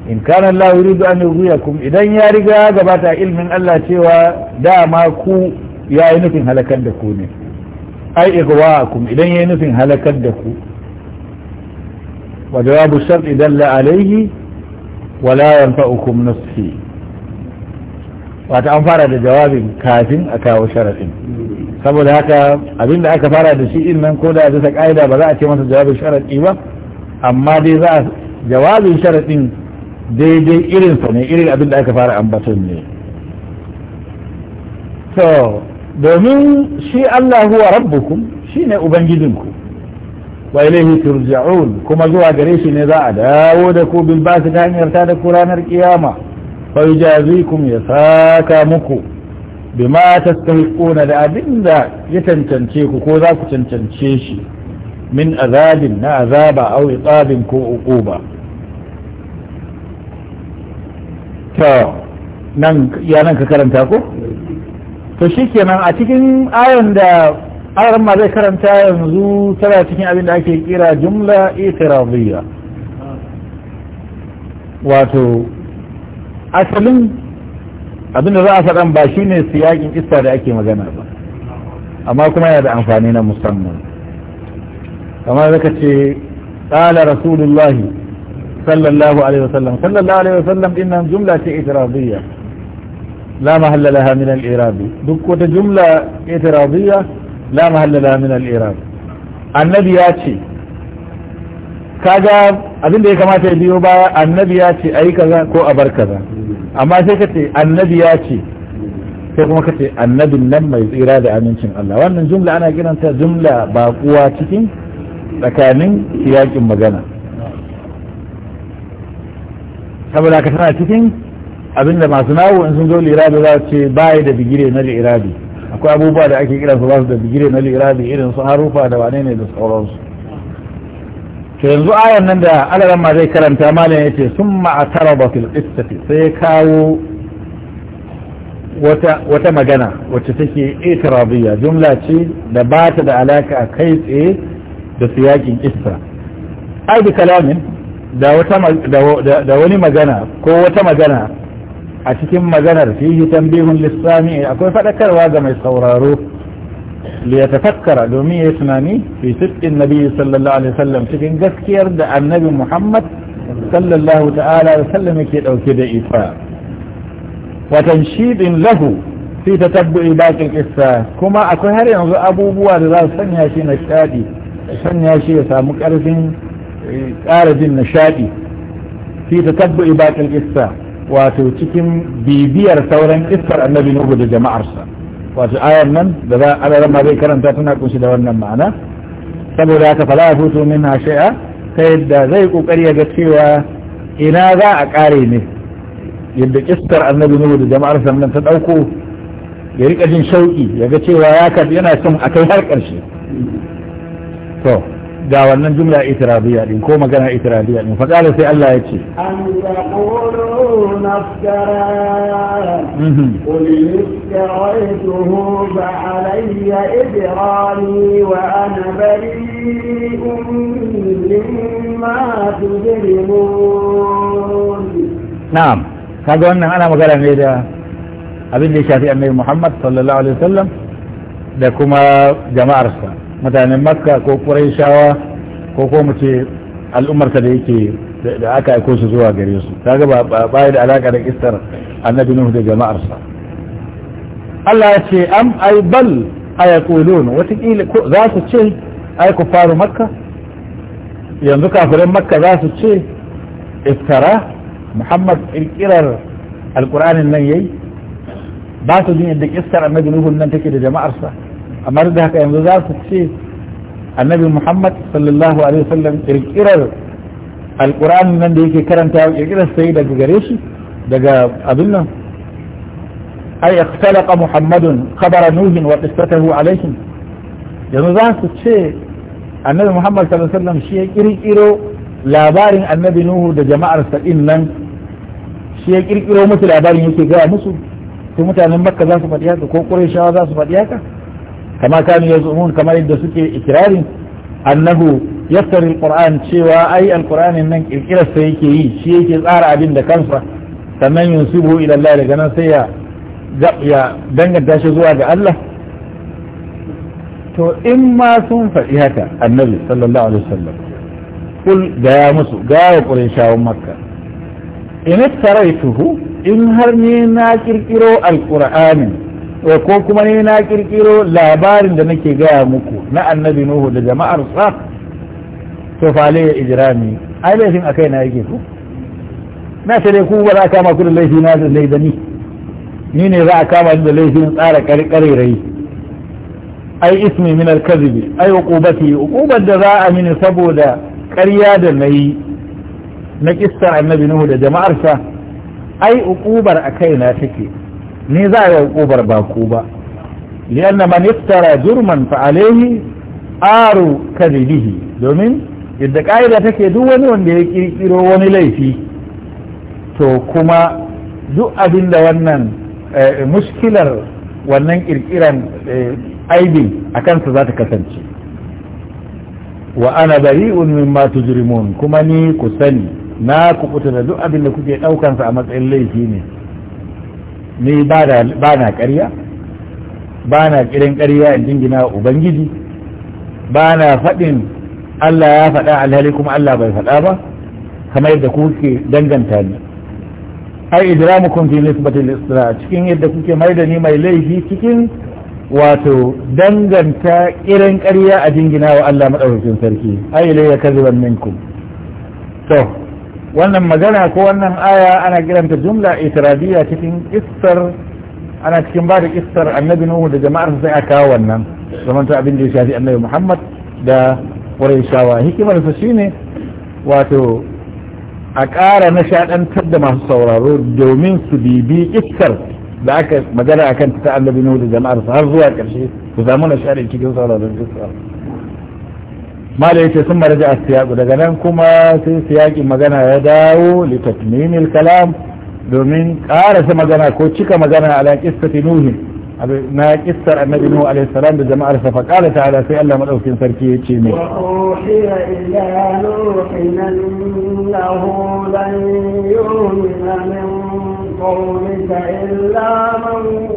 in kana Allah yuridu an yughiyakum idan ya riga gabata ilmin Allah cewa dama ku yi nufin halakar da ku ne ai igwa'akum idan yayi nufin halakar da ku wa jawabu shar'i dalla alayhi wa la yanfa'ukum nafsi wata an fara da jawabin kafin a kawo sharadin saboda haka abinda aka fara da shi nan ko da ta ka'ida ba za a ce masa jawabin sharadi ba amma dai za a jawabin sharadin daidai irinsa ne irin abinda aka fara ambaton ne so domin shi Allah huwa rabbukum ne ubangijinku wa ilaihi turja'un kuma zuwa gare shi ne za a dawo da ku bil basu ta hanyar ta da ku ranar kiyama fa yajazikum ya saka muku bima tastahiquna da abinda ya tantance ku ko za ku tantance shi min azabin na azaba aw iqabin ko uquba ta nan ya nan ka karanta ko to shi kenan a cikin ayan da ayar ma zai karanta yanzu tana cikin abin da ake kira jumla itiradiyya wato asalin abin da za a faɗan ba shine siyakin ista da ake magana ba amma kuma yana da amfani na musamman kamar zaka ce qala rasulullahi sallallahu alaihi wasallam sallallahu alaihi wasallam dinnan jumla ce itiradiyya la mahalla laha min al-irabi duk wata jumla itiradiyya la mahalla laha min al annabi ya ce kaga abin da ya kamata ya biyo baya annabi ya ce ayi kaza ko a bar kaza amma sai ka ce annabi ya ce sai kuma ka ce annabin nan mai tsira da amincin Allah wannan jumla ana kiranta jumla baƙuwa cikin tsakanin siyakin magana saboda ka tana cikin abinda masu nawo in sun zo lirabi za ce baya da bigire na lirabi akwai abubuwa da ake kiransu ba su da bigire na lirabi irin su harufa da wane ne da sauransu to yanzu ayan nan da alaran ma zai karanta malam yace summa ataraba fil qissati sai kawo wata wata magana wacce take itirabiyya jumla ce da ba ta da alaka a kai tsaye da siyakin qissa ai bi kalamin da wata da wani magana ko wata magana a cikin maganar fihi tambihun lissami akwai faɗakarwa ga mai sauraro liyatafakkara domin ya tunani fi sittin nabi sallallahu alaihi wasallam cikin gaskiyar da annabi muhammad sallallahu ta'ala da sallam ke ɗauke da ita watan shiɗin lahu fi tatabbu'i baqil qissa kuma akwai har yanzu abubuwa da za su sanya shi nishadi sanya shi ya samu ƙarfin eh, ƙara jin nishadi fi tatabbu'i baqil qissa wato cikin bibiyar sauran iskar annabi nuhu da jama'arsa wato ayar nan da za a rama zai karanta tana kunshi da wannan ma'ana saboda haka fala ya fito min shay'a ta yadda zai kokari ya ga cewa ina za a ƙare ne yadda iskar annabi nuhu da jama'arsa nan ta ɗauko ya rika jin shauki ya ga cewa ya yana son a kai har ƙarshe to ga wannan jumla itirabiya din ko magana itirabiya din faƙala sai Allah ya an yaqulu nafkara qul istaghaytuhu fa alayya idrani wa ana bari'un mimma tujrimun na'am kaga wannan ana magana ne da abin da ya shafi annabi Muhammad sallallahu alaihi wasallam da kuma jama'arsa mutanen makka ko shawa ko ko mu ce al'ummarsa da yake da aka aiko su zuwa gare su kaga ba ba da alaka da kistar annabi nuhu da jama'arsa Allah ya ce am ay bal ayaqulun wata kila za su ce ai kufaru makka yanzu kafirin makka za su ce iftara muhammad kirkirar alqur'anin nan yayi ba su jin yadda kistar annabi nuhu nan take da jama'arsa amma da haka yanzu za su ce annabi muhammad sallallahu alaihi wasallam kirkirar alkur'ani nan da yake karanta kirkirar sai daga gare shi daga abin nan ai ikhtalaqa muhammadun khabara nuhin wa qissatahu alaihim yanzu za su ce annabi muhammad sallallahu alaihi wasallam shi ya kirkiro labarin annabi nuhu da jama'ar sa'in nan shi ya kirkiro musu labarin yake gaya musu sai mutanen makka za su faɗi haka ko ƙurashawa za su faɗi haka kama kanu yazumun kamar yadda suke ikirarin annahu yassar alquran cewa ai alquranin nan kirkirar sa yake yi shi yake tsara abin da kansa sannan yunsibu ila Allah daga nan sai ya ya danganta shi zuwa ga Allah to in ma sun faɗi haka annabi sallallahu alaihi wasallam kul ya musu gaya qurayshawan makka in tuhu in har ne na kirkiro alquranin Eh, ko kuma ni na kirkiro labarin da nake gaya muku na annabi nuhu da jama'ar sa to fale ya ijrami ai laifin akai na yake ku na ce dai ku ba za a kama ku da laifi na da da ni ni ne za a kama ni da laifin tsara karkarai ai ismi min al ai uqubati uqubar da za a mini saboda ƙarya da nayi na kissar annabi nuhu da jama'ar sa ai uqubar akai na take ni za a yi ƙobar ba ku ba liyanna man iftara jurman fa alaihi aru kadibihi domin yadda ƙa'ida take duk wani wanda ya ƙirƙiro wani laifi to kuma duk abin da wannan eh, muskilar wannan ƙirƙiran eh, aibin a kansa za ta kasance wa ana bari'un mimma tujrimun kuma ni ku sani na kuɓuta da duk abin da kuke ɗaukansa a matsayin laifi ne ni ba na ƙarya ba na ƙirin ƙarya in jingina ubangiji ba na faɗin Allah ya faɗa alhali kuma Allah bai faɗa ba kamar yadda kuke danganta ni ai idramukum fi nisbatil isra cikin yadda kuke mai da ni mai laifi cikin wato danganta ƙirin ƙarya a jingina wa Allah madaukakin sarki ai ilayya minkum to wannan magana ko wannan aya ana giranta jumla itiradiya cikin istar ana cikin ba da istar annabi nuhu da jama'ar sai aka wannan zaman ta abin da ya shafi annabi muhammad da shawa hikimar sa shine wato a ƙara nishaɗantar da masu sauraro domin su bibi iskar da aka magana akan ta annabi nuhu da jama'ar har zuwa ƙarshe ku samu nishaɗi cikin sauraron istar mala yace sun maraja a siyaƙu daga nan kuma sai siyaƙin magana ya dawo litatmimil kalam domin ƙarasa magana ko cika magana ala kissati nuhin na ƙistar annabi nuhu alaihi salam da jama'ar sa fa qala ta'ala sai Allah madaukin sarki yace ne uhiya ila nuhin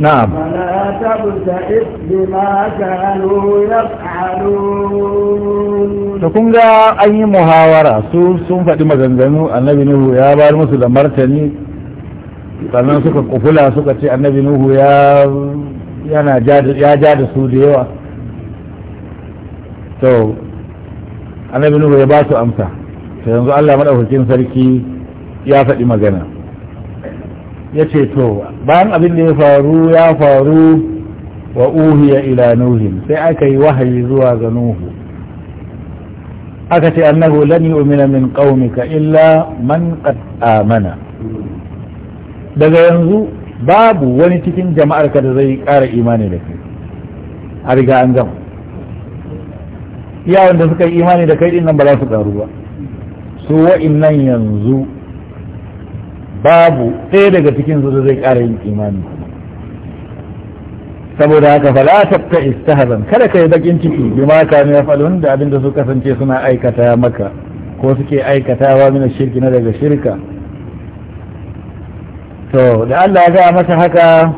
نعم فلا تبتئس بما كانوا يفعلون تكون جاء أي محاورة سوف سوف فأتي مزنزنو النبي نهو يا بار مسلم مرتني sannan suka kufula suka ce annabi nuhu ya yana ya ja da su da yawa to annabi nuhu ya ba su amsa to yanzu Allah maɗaukakin sarki ya faɗi magana ya ce to bayan abin da ya faru ya faru wa uhiya ila nuhin sai aka yi wahayi zuwa ga nuhu aka ce annahu lan yu'mina min qaumika illa man qad amana daga yanzu babu wani cikin jama'arka da zai ƙara imani da kai a riga an gama iyawan da suka yi imani da kai din nan ba za su ƙaru ba su wa'innan yanzu babu ɗaya daga cikin su zai ƙara yin imani saboda haka la tabta istahzan kada kai bakin ciki bima kanu yafalun da abinda su kasance suna aikata maka ko suke aikatawa mina shirki na daga shirka to da Allah ya ga masa haka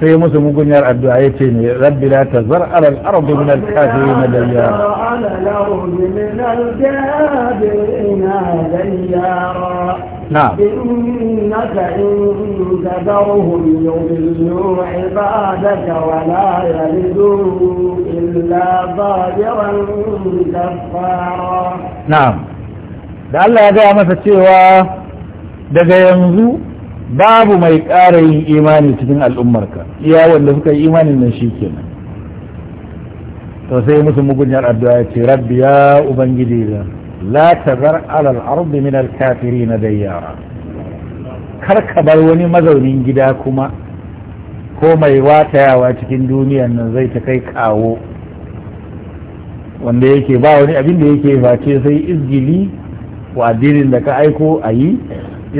sai musu mugunyar addu'a ya ce ne rabbi la tazar ala al-ardi min al-kafirin dayyara نعم da Allah ya gaya masa cewa daga yanzu babu mai ƙara yin imani cikin al'ummarka iya wanda suka yi imanin nan shi kenan to sai musu mugunyar addu'a ya ce rabbi ya ubangiji da la tazar alal ardi min al kafirin dayyara kar ka bar wani mazaunin gida kuma ko mai watayawa cikin duniyan nan zai ta kai kawo wanda yake ba wani abin da yake face sai izgili wa addinin da ka aiko a yi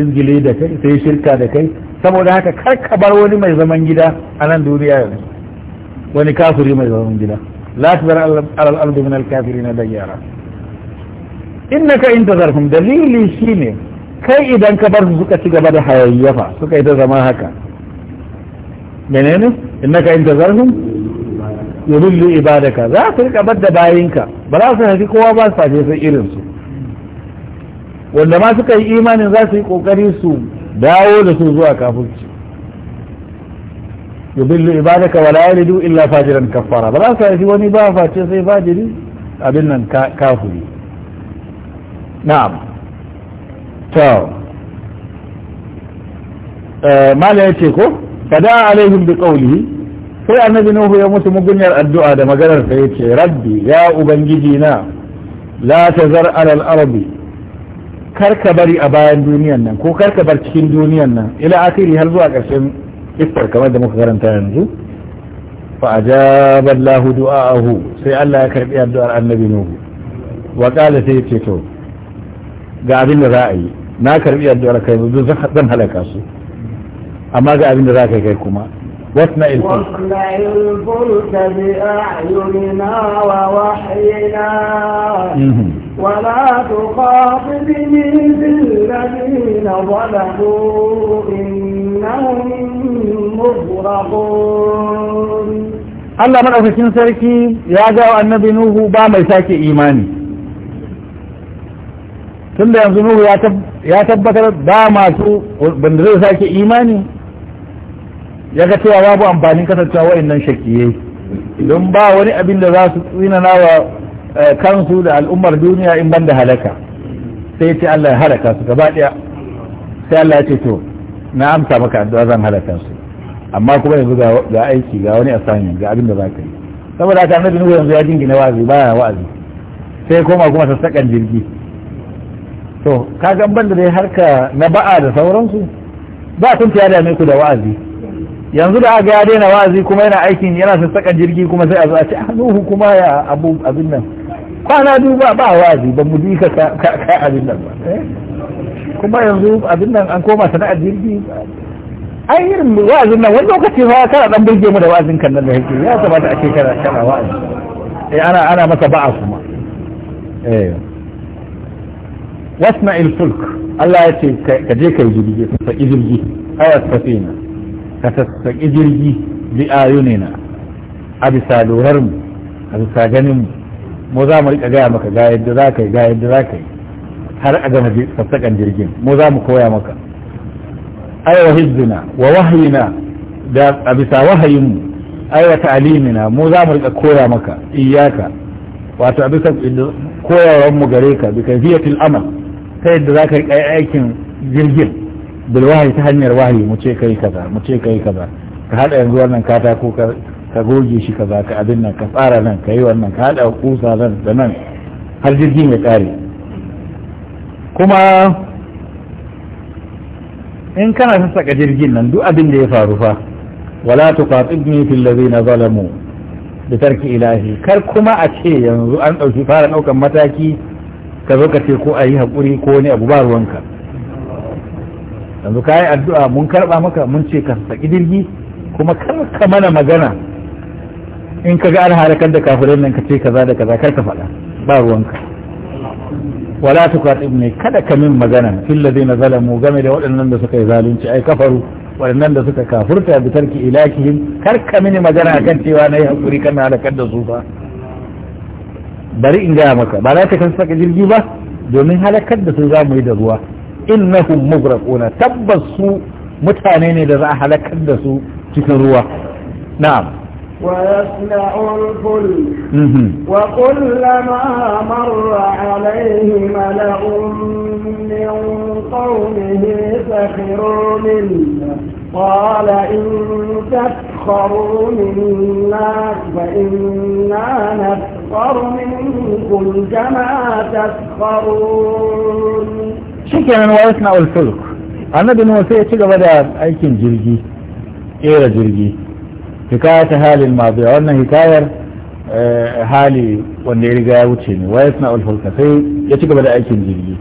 izgile da kai sai shirka da kai saboda haka kar ka bar wani mai zaman gida a nan duniya yanzu wani kafiri mai zaman gida la tazar alal ardi min al kafirina dayyara innaka in tazarhum dalili shine kai idan ka bar su suka ci gaba da hayayyafa suka yi ta zama haka menene innaka in tazarhum yudillu ibadaka za su rika bar da bayinka ba za su haifi kowa ba su sai irin su wanda ma suka yi imanin za su yi kokari su dawo da su zuwa kafirci yubillu ibadaka wala yalidu illa fajiran kaffara ba za su haifi wani ba face sai fajiri abin nan kafiri na'am to eh, mala ya ce ko fada alaihim bi qawlihi sai annabi nuhu ya musu mugunyar addu'a da maganar sa yace rabbi ya ubangiji na la tazar ala al-ardi karka bari a bayan duniyan nan ko karka bar cikin duniyan nan ila akiri har zuwa karshen. iftar kamar da muka karanta yanzu fa ajaba Allah du'aahu sai Allah ya karbi addu'ar annabi Nuhu wa qala sai ce to ga abin da za a yi na karbi addu'ar kai zan halaka su amma ga abin da za ka kai kuma واصنع واصنع الفلك بأعيننا ووحينا ولا تخاطبني في الذين ظلموا إنهم مغرقون Allah maɗaukakin sarki ya ga annabi Nuhu ba mai sake imani tun da yanzu Nuhu ya tabbatar ba masu banda zai sake imani ya ga cewa babu amfanin kasancewa nan shakkiye don ba wani abin da za su tsinana wa Eh, kansu da al'ummar duniya in banda halaka sai ce Allah ya halaka su gaba daya sai Allah ya ce to na amsa maka addu'a zan halaka su amma kuma yanzu ga aiki ga wani asani ga abin da za ka yi saboda haka annabi nuhu yanzu ya jingina wa'azi baya wa'azi sai koma kuma sassaƙan jirgi to kaga ban da dai harka na ba'a da sauransu ba kun ta dame ku da wa'azi yanzu da aka ya daina wa'azi kuma yana aikin yana sassaƙan jirgi kuma sai a zo a ah, nuhu kuma ya abu abin nan kwana duba ba ba wazi ba mu ji ka abin nan ba eh? kuma yanzu abin nan an koma sana'ar jirgi An yi wa'azin nan wani lokaci ma kana dan burge mu da wazin kan nan da yake ya kamata a ce kana kana wazi eh ana ana masa ba'a kuma eh wasma il fulk Allah ya ce ka je kai jirgi ka saki jirgi ayat safina ka saki jirgi bi ayunina a bisa lurar mu a bisa ganin mu mu za mu rika gaya maka ga yadda za ka yi ga yadda za ka yi har a gama sassaƙan jirgin mu za mu koya maka ai wa hizbina wa wahyina da a bisa wahayinmu ai wa ta'alimina mu za mu rika koya maka iyaka wato a bisa koyarwar mu gare ka bi kayfiyatil amal ta yadda za ka rika aikin jirgin bil wahyi ta hanyar wahayi mu ce kai kaza mu ce kai kaza ka hada yanzu wannan katako ka goge shi ka ka abin nan ka tsara nan ka yi wannan ka haɗa kusa nan da nan har jirgi mai ƙare kuma in kana sassaƙa jirgin nan duk abin da ya faru fa wala tuqatibni fil ladina zalamu da tarki ilahi kar kuma a ce yanzu an ɗauki fara ɗaukan mataki ka zo ka ce ko a yi haƙuri ko wani abu ba ruwanka yanzu ka yi addu'a mun karɓa maka mun ce ka saki jirgi kuma kar ka mana magana in ka ga an da kafirin nan ka ce kaza da kaza kar ka faɗa ba ruwanka wala tuqatib ne kada ka min magana fil ladina zalamu game da waɗannan da suka yi zalunci ai kafaru waɗannan da suka kafurta bi tarki ilakihim kar ka mini magana kan cewa nayi hakuri kan halakar da su ba bari in gaya maka ba za ka kan saka jirgi ba domin halakar da su za mu yi da ruwa innahum mughraquna tabbas su mutane ne da za a halakar da su cikin ruwa na'am ويصنع الفلك وكلما مر عليه ملأ من قومه سخروا منه قال إن تسخروا منا فإنا نسخر منكم كما تسخرون شكرا ويصنع الفلك أنا nuwa sai ya اي كن جرجي ايه جرجي hikayata halin mazi wannan hikayar eh, hali wanda ya riga ya wuce ne wa yasna ulfulka sai ya ci gaba da aikin jirgi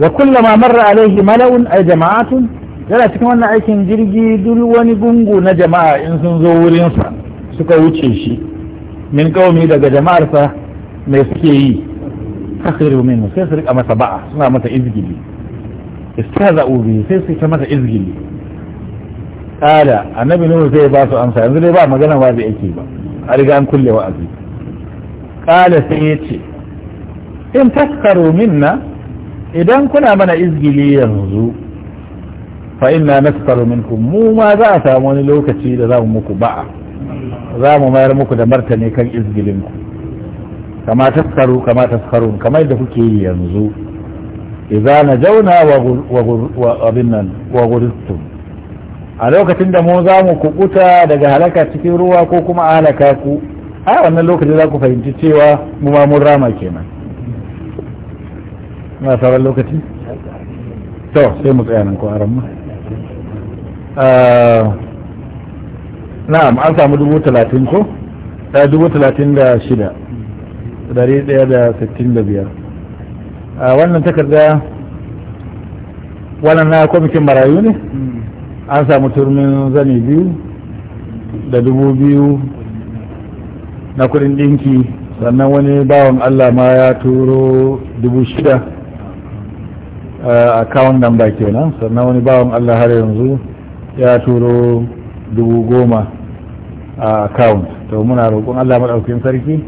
wa kullama marra alaihi mala'un ay jama'atun yana cikin wannan aikin jirgi duk wani gungu na jama'a in sun zo wurinsa suka wuce shi min kaumi daga jama'arsa mai suke yi kasiru min sai su rika masa ba'a suna mata izgili istaza'u bi sai su ta izgili kala annabi nuhu zai ba su amsa yanzu dai ba magana ba da yake ba a riga an kulle wa'azi kala sai ya ce in taskaru minna idan kuna mana izgili yanzu fa inna naskaru minkum mu ma za a samu wani lokaci da za mu muku ba'a za mu mayar muku da martani kan izgilinku kama taskaru kama taskarun kamar da kuke yi yanzu idza jauna wa abin nan wa a lokacin da mu za mu kukuta daga halaka cikin ruwa ko kuma a halaka ku a wannan lokacin za ku fahimci cewa mu ma mun rama kenan na sauran lokaci to sai mu tsaya nan ko aran mu ah, na'am an samu dubu talatin ko ta eh, dubu talatin da shida dari daya da sittin da biyar ah, wannan takarda wannan na kwamitin marayu ne an samu turmin zane biyu da dubu biyu na kudin dinki sannan wani bawan allah ma ya turo dubu shida a kawon nan ba kenan sannan wani bawan allah har yanzu ya turo dubu goma a account to muna roƙon allah maɗaukin sarki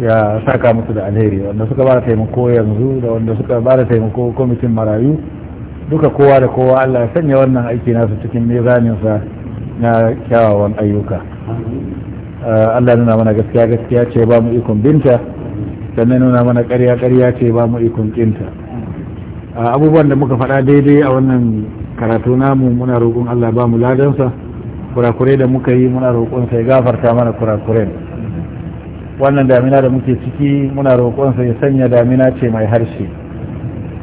ya saka musu da alheri wanda suka ba da taimako yanzu da wanda suka ba da taimako kwamitin marayu duka kowa da kowa Allah ya sanya wannan aiki nasu cikin mizaninsa na kyawawan ayyuka ah, Allah nuna mana gaskiya gaskiya ce ba mu ikon binta sannan nuna mana ƙarya ƙarya ce ba mu ikon kinta ah, abubuwan da muka faɗa daidai a wannan karatu namu muna roƙon Allah ba mu ladansa kurakure da muka yi muna roƙon sai gafarta mana kurakuren wannan damina da muke ciki muna roƙon sai sanya damina ce mai harshe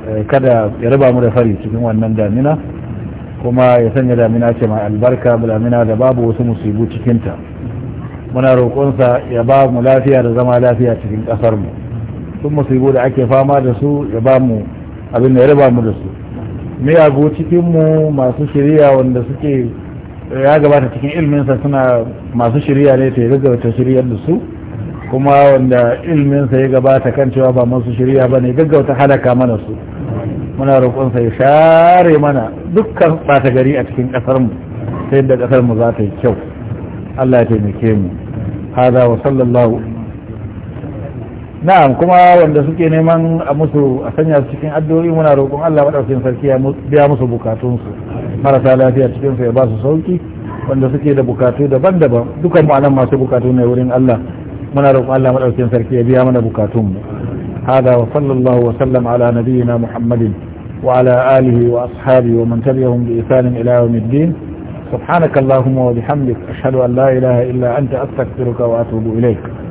Eh, kada ya raba mu da fari cikin wannan damina kuma ya sanya damina ce mai albarka damina da babu wasu musibu cikinta muna roƙonsa ya ba mu lafiya da zama lafiya cikin ƙasar mu sun musibu da ake fama da su ya ba mu abin da ya raba mu da su miyagu cikin mu masu shirya wanda suke ya gabata cikin ilminsa suna masu shirya ne ta ya gaggauta shiryar da su kuma wanda ilminsa ya gabata kan cewa ba masu shirya ba ne gaggauta halaka mana su muna roƙonsa ya share mana dukkan ɓata gari a cikin ƙasarmu ta yadda ƙasarmu za ta yi kyau Allah ya taimake mu haza wa sallallahu na'am kuma wanda suke neman a musu a sanya su cikin addu'o'i muna roƙon Allah madaukakin sarki ya biya musu bukatunsu marasa lafiya cikin su ya ba su sauki wanda suke da bukatu daban-daban dukkan mu anan masu bukatu ne wurin Allah muna roƙon Allah madaukakin sarki ya biya mana bukatunmu هذا وصلى الله وسلم على نبينا محمد وعلى آله وأصحابه ومن تبعهم بإثان إلى يوم الدين سبحانك اللهم وبحمدك أشهد أن لا إله إلا أنت أستغفرك وأتوب إليك